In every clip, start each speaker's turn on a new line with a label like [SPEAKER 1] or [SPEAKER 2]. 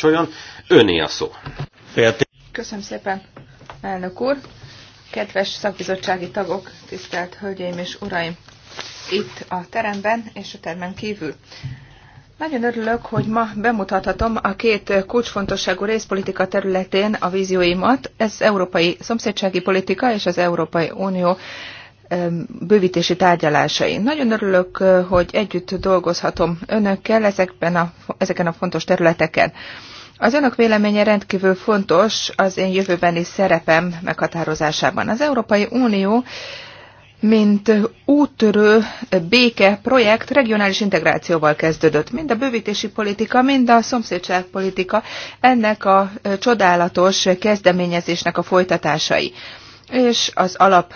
[SPEAKER 1] parancsoljon, öné a szó. Köszönöm szépen, elnök úr. Kedves szakbizottsági tagok, tisztelt hölgyeim és uraim, itt a teremben és a termen kívül. Nagyon örülök, hogy ma bemutathatom a két kulcsfontosságú részpolitika területén a vízióimat. Ez európai szomszédsági politika és az Európai Unió bővítési tárgyalásai. Nagyon örülök, eh, hogy együtt dolgozhatom önökkel ezekben a, ezeken a fontos területeken. Az önök véleménye rendkívül fontos az én jövőbeni szerepem meghatározásában. Az Európai Unió mint úttörő béke projekt regionális integrációval kezdődött. Mind a bővítési politika, mind a szomszédságpolitika ennek a eh, csodálatos kezdeményezésnek a folytatásai. És az alap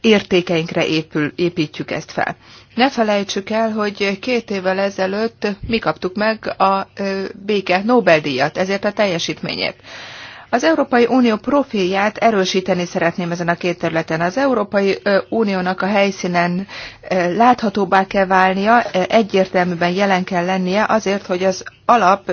[SPEAKER 1] értékeinkre épül, építjük ezt fel. Ne felejtsük el, hogy két évvel ezelőtt mi kaptuk meg a béke Nobel-díjat, ezért a teljesítményét. Az Európai Unió profilját erősíteni szeretném ezen a két területen. Az Európai Uniónak a helyszínen láthatóbbá kell válnia, egyértelműben jelen kell lennie azért, hogy az alap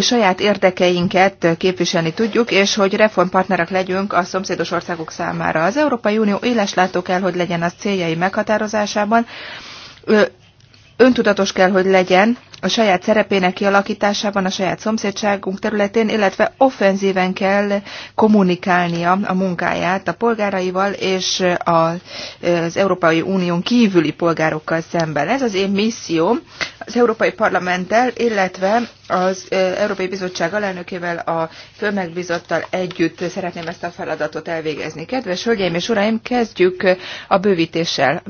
[SPEAKER 1] saját érdekeinket képviselni tudjuk, és hogy reformpartnerek legyünk a szomszédos országok számára. Az Európai Unió éleslátó kell, hogy legyen az céljai meghatározásában, öntudatos kell, hogy legyen a saját szerepének kialakításában, a saját szomszédságunk területén, illetve offenzíven kell kommunikálnia a munkáját a polgáraival és az Európai Unión kívüli polgárokkal szemben. Ez az én misszióm az Európai Parlamenttel, illetve az Európai Bizottság alelnökével, a főmegbizottal együtt szeretném ezt a feladatot elvégezni. Kedves hölgyeim és uraim, kezdjük a bővítéssel.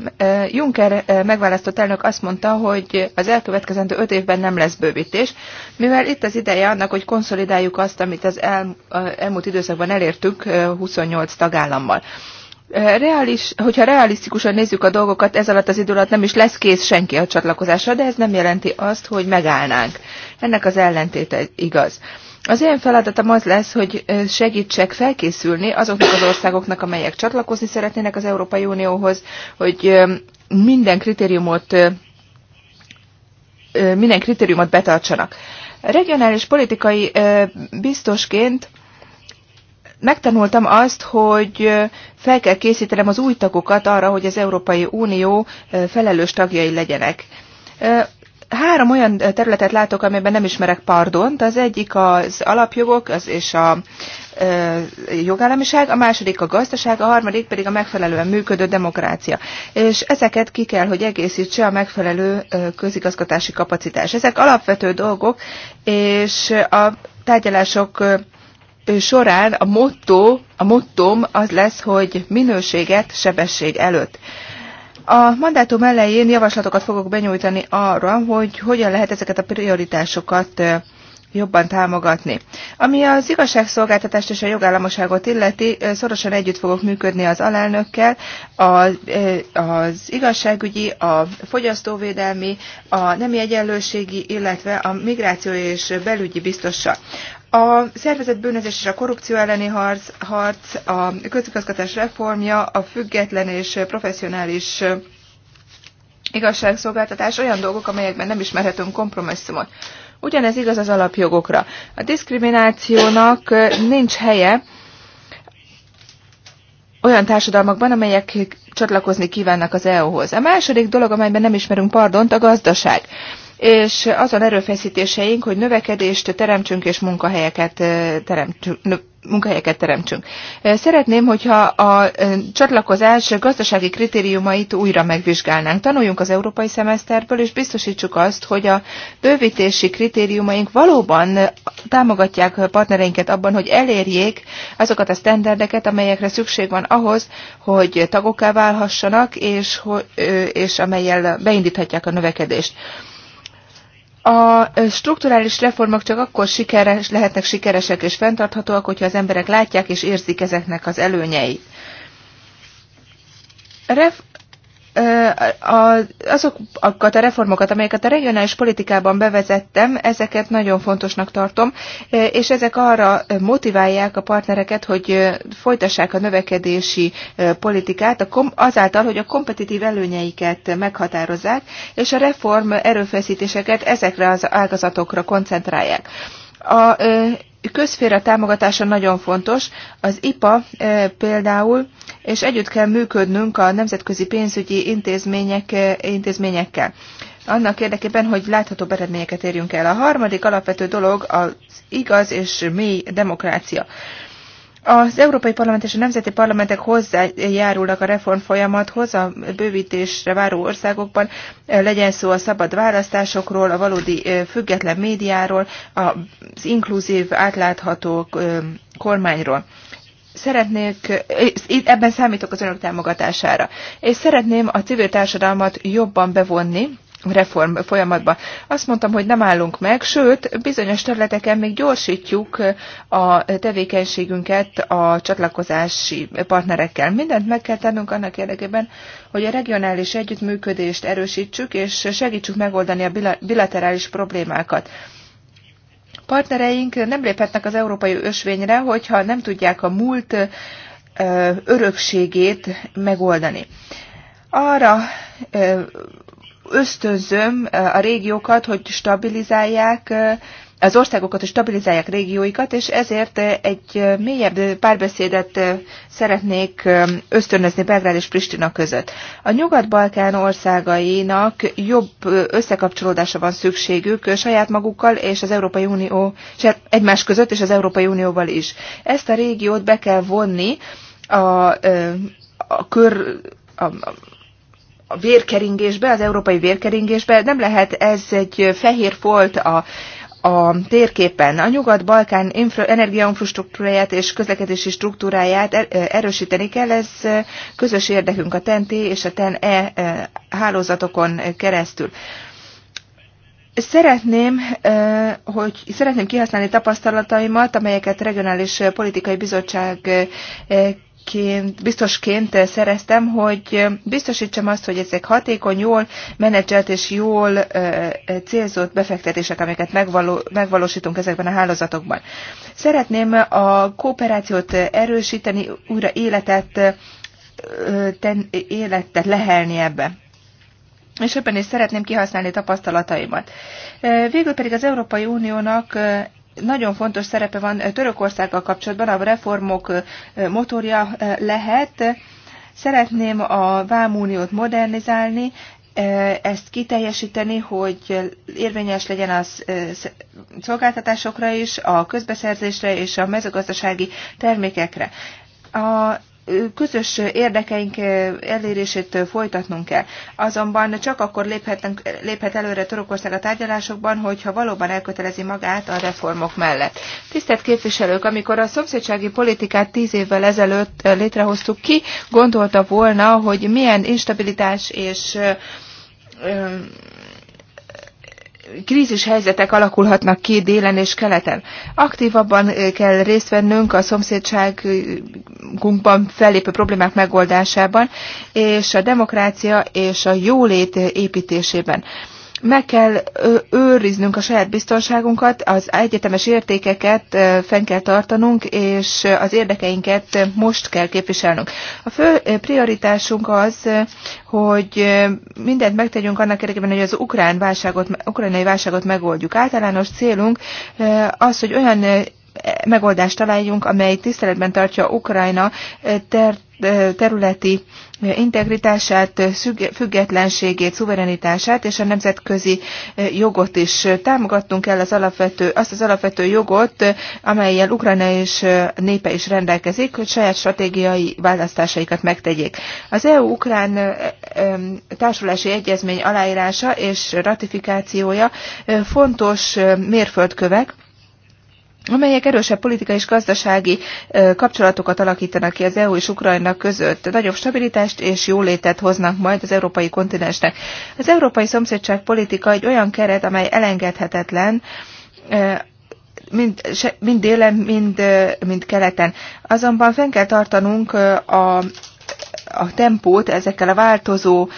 [SPEAKER 1] Juncker megválasztott elnök azt mondta, hogy az elkövetkezendő öt év évben nem lesz bővítés, mivel itt az ideje annak, hogy konszolidáljuk azt, amit az el, elmúlt időszakban elértünk 28 tagállammal. Reális, hogyha realisztikusan nézzük a dolgokat, ez alatt az idő alatt nem is lesz kész senki a csatlakozásra, de ez nem jelenti azt, hogy megállnánk. Ennek az ellentéte igaz. Az én feladatom az lesz, hogy segítsek felkészülni azoknak az országoknak, amelyek csatlakozni szeretnének az Európai Unióhoz, hogy minden kritériumot minden kritériumot betartsanak. Regionális politikai biztosként megtanultam azt, hogy fel kell készítenem az új tagokat arra, hogy az Európai Unió felelős tagjai legyenek. Három olyan területet látok, amiben nem ismerek pardont. Az egyik az alapjogok az és a e, jogállamiság, a második a gazdaság, a harmadik pedig a megfelelően működő demokrácia. És ezeket ki kell, hogy egészítse a megfelelő közigazgatási kapacitás. Ezek alapvető dolgok, és a tárgyalások során a motto, a mottom az lesz, hogy minőséget sebesség előtt. A mandátum elején javaslatokat fogok benyújtani arra, hogy hogyan lehet ezeket a prioritásokat jobban támogatni. Ami az igazságszolgáltatást és a jogállamoságot illeti, szorosan együtt fogok működni az alelnökkel, az, az igazságügyi, a fogyasztóvédelmi, a nemi egyenlőségi, illetve a migráció és belügyi biztossal. A szervezett bűnözés és a korrupció elleni harc, harc a közigazgatás reformja, a független és professzionális igazságszolgáltatás olyan dolgok, amelyekben nem ismerhetünk kompromisszumot. Ugyanez igaz az alapjogokra. A diszkriminációnak nincs helye olyan társadalmakban, amelyek csatlakozni kívánnak az EU-hoz. A második dolog, amelyben nem ismerünk pardont, a gazdaság és azon erőfeszítéseink, hogy növekedést teremtsünk és munkahelyeket teremtsünk, munkahelyeket teremtsünk. Szeretném, hogyha a csatlakozás gazdasági kritériumait újra megvizsgálnánk. Tanuljunk az európai szemeszterből, és biztosítsuk azt, hogy a bővítési kritériumaink valóban támogatják partnereinket abban, hogy elérjék azokat a sztenderdeket, amelyekre szükség van ahhoz, hogy tagokká válhassanak, és, és amelyel beindíthatják a növekedést. A strukturális reformok csak akkor sikeres, lehetnek sikeresek és fenntarthatóak, hogyha az emberek látják és érzik ezeknek az előnyeit. Ref, azokat a reformokat, amelyeket a regionális politikában bevezettem, ezeket nagyon fontosnak tartom, és ezek arra motiválják a partnereket, hogy folytassák a növekedési politikát azáltal, hogy a kompetitív előnyeiket meghatározzák, és a reform erőfeszítéseket ezekre az ágazatokra koncentrálják. A közféra támogatása nagyon fontos. Az IPA e, például, és együtt kell működnünk a nemzetközi pénzügyi intézmények, e, intézményekkel. Annak érdekében, hogy látható eredményeket érjünk el. A harmadik alapvető dolog az igaz és mély demokrácia. Az Európai Parlament és a Nemzeti Parlamentek hozzájárulnak a reform folyamathoz a bővítésre váró országokban, legyen szó a szabad választásokról, a valódi független médiáról, az inkluzív, átlátható kormányról. Szeretnék, ebben számítok az önök támogatására, és szeretném a civil társadalmat jobban bevonni reform folyamatba. Azt mondtam, hogy nem állunk meg, sőt, bizonyos területeken még gyorsítjuk a tevékenységünket a csatlakozási partnerekkel. Mindent meg kell tennünk annak érdekében, hogy a regionális együttműködést erősítsük, és segítsük megoldani a bilaterális problémákat partnereink nem léphetnek az európai ösvényre, hogyha nem tudják a múlt örökségét megoldani. Arra ösztönzöm a régiókat, hogy stabilizálják az országokat, hogy stabilizálják régióikat, és ezért egy mélyebb párbeszédet szeretnék ösztönözni Belgrád és Pristina között. A Nyugat-Balkán országainak jobb összekapcsolódása van szükségük saját magukkal és az Európai Unió, egymás között és az Európai Unióval is. Ezt a régiót be kell vonni a, a kör a, a a vérkeringésbe, az európai vérkeringésbe. Nem lehet ez egy fehér folt a, a térképen a Nyugat-Balkán infra, energiainfrastruktúráját és közlekedési struktúráját er-, erősíteni kell, ez közös érdekünk a TEN-T és a TEN-E hálózatokon keresztül. Szeretném, hogy szeretném kihasználni tapasztalataimat, amelyeket regionális politikai bizottság biztosként, biztosként szereztem, hogy biztosítsam azt, hogy ezek hatékony, jól menedzselt és jól célzott befektetések, amiket megvalósítunk ezekben a hálózatokban. Szeretném a kooperációt erősíteni, újra életet, ten, életet lehelni ebbe és ebben is szeretném kihasználni tapasztalataimat. Végül pedig az Európai Uniónak nagyon fontos szerepe van Törökországgal kapcsolatban, a reformok motorja lehet. Szeretném a Vámuniót modernizálni, ezt kiteljesíteni, hogy érvényes legyen a szolgáltatásokra is, a közbeszerzésre és a mezőgazdasági termékekre. A közös érdekeink elérését folytatnunk kell. Azonban csak akkor léphetünk, léphet előre Törökország a tárgyalásokban, hogyha valóban elkötelezi magát a reformok mellett. Tisztelt képviselők, amikor a szomszédsági politikát tíz évvel ezelőtt létrehoztuk ki, gondolta volna, hogy milyen instabilitás és krízis helyzetek alakulhatnak ki délen és keleten. Aktívabban kell részt vennünk a szomszédságunkban fellépő problémák megoldásában, és a demokrácia és a jólét építésében. Meg kell őriznünk a saját biztonságunkat, az egyetemes értékeket fenn kell tartanunk, és az érdekeinket most kell képviselnünk. A fő prioritásunk az, hogy mindent megtegyünk annak érdekében, hogy az ukrán válságot, ukrajnai válságot megoldjuk. Általános célunk az, hogy olyan megoldást találjunk, amely tiszteletben tartja Ukrajna eh, ter, eh, területi eh, integritását, függetlenségét, szuverenitását és a nemzetközi jogot is. Támogattunk el az alapvető, azt az alapvető jogot, amelyel Ukrajna és népe is rendelkezik, hogy saját stratégiai választásaikat megtegyék. Az EU-Ukrán társulási egyezmény aláírása és ratifikációja fontos mérföldkövek, amelyek erősebb politikai és gazdasági kapcsolatokat alakítanak ki az EU és Ukrajna között, nagyobb stabilitást és jólétet hoznak majd az európai kontinensnek. Az európai szomszédság politika egy olyan keret, amely elengedhetetlen, mind, mind délen, mind, mind keleten. Azonban fenn kell tartanunk a, a tempót ezekkel a változó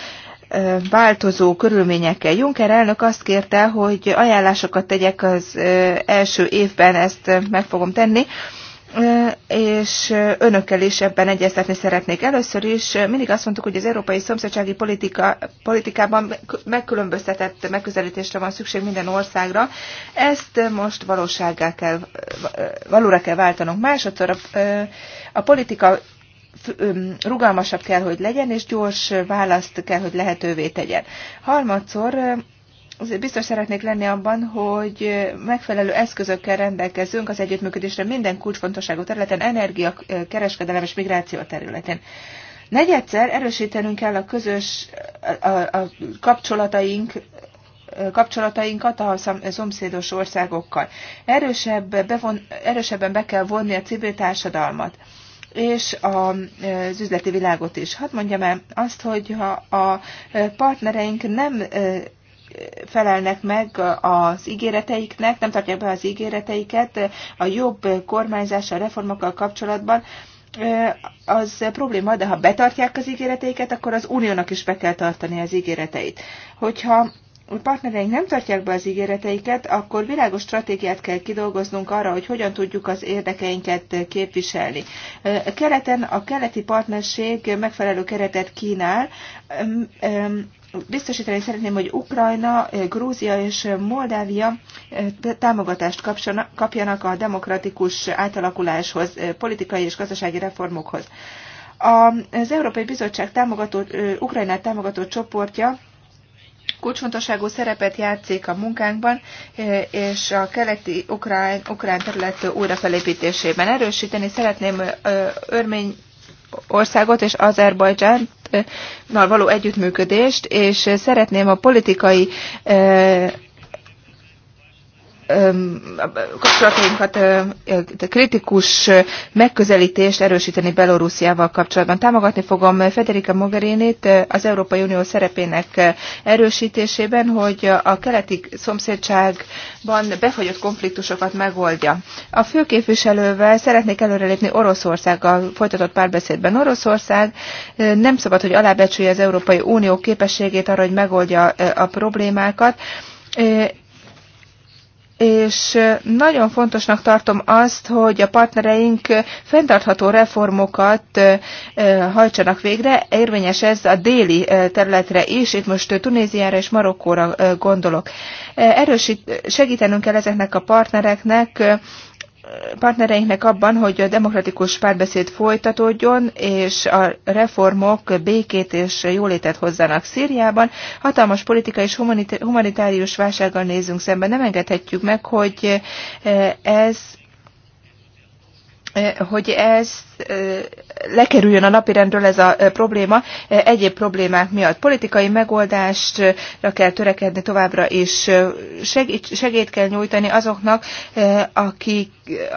[SPEAKER 1] változó körülményekkel. Juncker elnök azt kérte, hogy ajánlásokat tegyek az első évben, ezt meg fogom tenni, és önökkel is ebben egyeztetni szeretnék. Először is mindig azt mondtuk, hogy az európai szomszédsági politika, politikában megkülönböztetett megközelítésre van szükség minden országra. Ezt most valósággá kell, valóra kell váltanunk. Másodszor a, a politika rugalmasabb kell, hogy legyen, és gyors választ kell, hogy lehetővé tegyen. Harmadszor biztos szeretnék lenni abban, hogy megfelelő eszközökkel rendelkezünk az együttműködésre minden kulcsfontosságú területen, energia, kereskedelem és migráció területén. Negyedszer erősítenünk kell a közös a, a kapcsolataink kapcsolatainkat a szomszédos országokkal. Erősebb bevon, erősebben be kell vonni a civil társadalmat és az üzleti világot is. Hadd mondjam el azt, hogy ha a partnereink nem felelnek meg az ígéreteiknek, nem tartják be az ígéreteiket a jobb kormányzással, reformokkal kapcsolatban, az probléma, de ha betartják az ígéreteiket, akkor az uniónak is be kell tartani az ígéreteit. Hogyha partnereink nem tartják be az ígéreteiket, akkor világos stratégiát kell kidolgoznunk arra, hogy hogyan tudjuk az érdekeinket képviselni. A a keleti partnerség megfelelő keretet kínál. Biztosítani szeretném, hogy Ukrajna, Grúzia és Moldávia támogatást kapjanak a demokratikus átalakuláshoz, politikai és gazdasági reformokhoz. Az Európai Bizottság támogató, Ukrajnát támogató csoportja kulcsfontosságú szerepet játszik a munkánkban eh, és a keleti ukrán, ukrán terület újrafelépítésében. Erősíteni szeretném örmény országot és Azerbajdzsánt eh, való együttműködést, és szeretném a politikai eh, kapcsolatainkat, kritikus megközelítést erősíteni Belorussziával kapcsolatban. Támogatni fogom Federica Mogherinit az Európai Unió szerepének erősítésében, hogy a keleti szomszédságban befagyott konfliktusokat megoldja. A főképviselővel szeretnék előrelépni Oroszországgal folytatott párbeszédben. Oroszország nem szabad, hogy alábecsülje az Európai Unió képességét arra, hogy megoldja a problémákat és nagyon fontosnak tartom azt, hogy a partnereink fenntartható reformokat hajtsanak végre. Érvényes ez a déli területre is, itt most Tunéziára és Marokkóra gondolok. Erősít, segítenünk kell ezeknek a partnereknek partnereinknek abban, hogy a demokratikus párbeszéd folytatódjon, és a reformok békét és jólétet hozzanak Szíriában. Hatalmas politikai és humanitárius válsággal nézünk szemben. Nem engedhetjük meg, hogy eh, ez Eh, hogy ez eh, lekerüljön a napirendről ez a eh, probléma egyéb problémák miatt. Politikai megoldástra kell törekedni továbbra, és segít kell nyújtani azoknak, akik,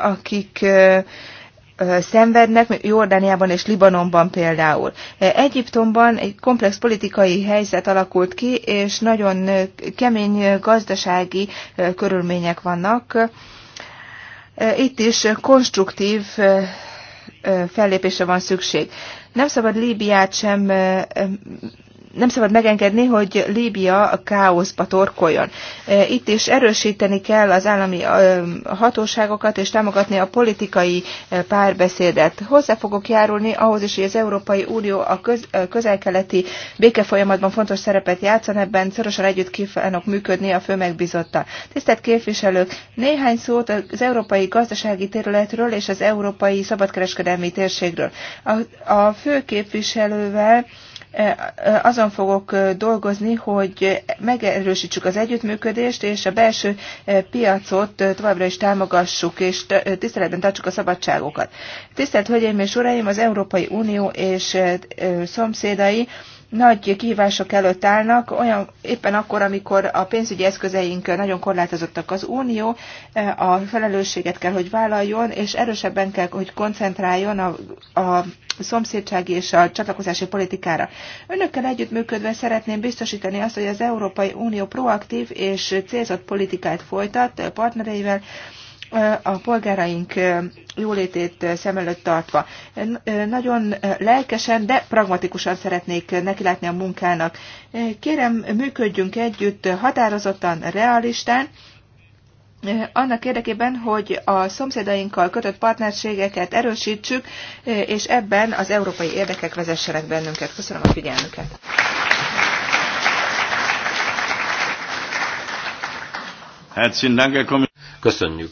[SPEAKER 1] akik szenvednek, Jordániában és Libanonban például. Egyiptomban egy komplex politikai helyzet alakult ki, és nagyon kemény gazdasági körülmények vannak itt is konstruktív fellépése van szükség. Nem szabad Líbiát sem nem szabad megengedni, hogy Líbia a káoszba torkoljon. E, itt is erősíteni kell az állami hatóságokat, és támogatni a politikai e, párbeszédet. Hozzá fogok járulni ahhoz is, hogy az Európai Unió a Közelkeleti közel-keleti békefolyamatban fontos szerepet játszan, ebben szorosan együtt kívánok működni a főmegbizottal. Tisztelt képviselők, néhány szót az európai gazdasági területről és az európai szabadkereskedelmi térségről. A, a képviselővel azon fogok dolgozni, hogy megerősítsük az együttműködést, és a belső piacot továbbra is támogassuk, és tiszteletben tartsuk a szabadságokat. Tisztelt Hölgyeim és Uraim, az Európai Unió és szomszédai, nagy kihívások előtt állnak, olyan éppen akkor, amikor a pénzügyi eszközeink nagyon korlátozottak az Unió, eh, a felelősséget kell, hogy vállaljon, és erősebben kell, hogy koncentráljon a, a szomszédsági és a csatlakozási politikára. Önökkel együttműködve szeretném biztosítani azt, hogy az Európai Unió proaktív és célzott politikát folytat partnereivel, a polgáraink jólétét szem előtt tartva. Nagyon lelkesen, de pragmatikusan szeretnék nekilátni a munkának. Kérem, működjünk együtt határozottan, realistán, annak érdekében, hogy a szomszédainkkal kötött partnerségeket erősítsük, és ebben az európai érdekek vezessenek bennünket. Köszönöm a figyelmüket! Köszönjük